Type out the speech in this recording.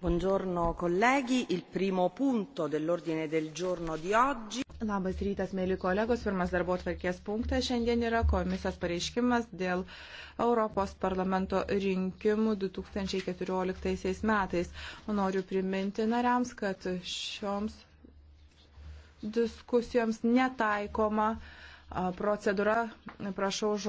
Buongiorno colleghi, il primo punto dell'ordine del giorno di oggi. Labas rytas, mėly kolegos. Pirmas darbo atvarkės punktas šiandien yra komisijos pareiškimas dėl Europos parlamento rinkimų 2014 metais. Noriu priminti nariams, kad šioms diskusijoms netaikoma procedūra, prašau žodžio.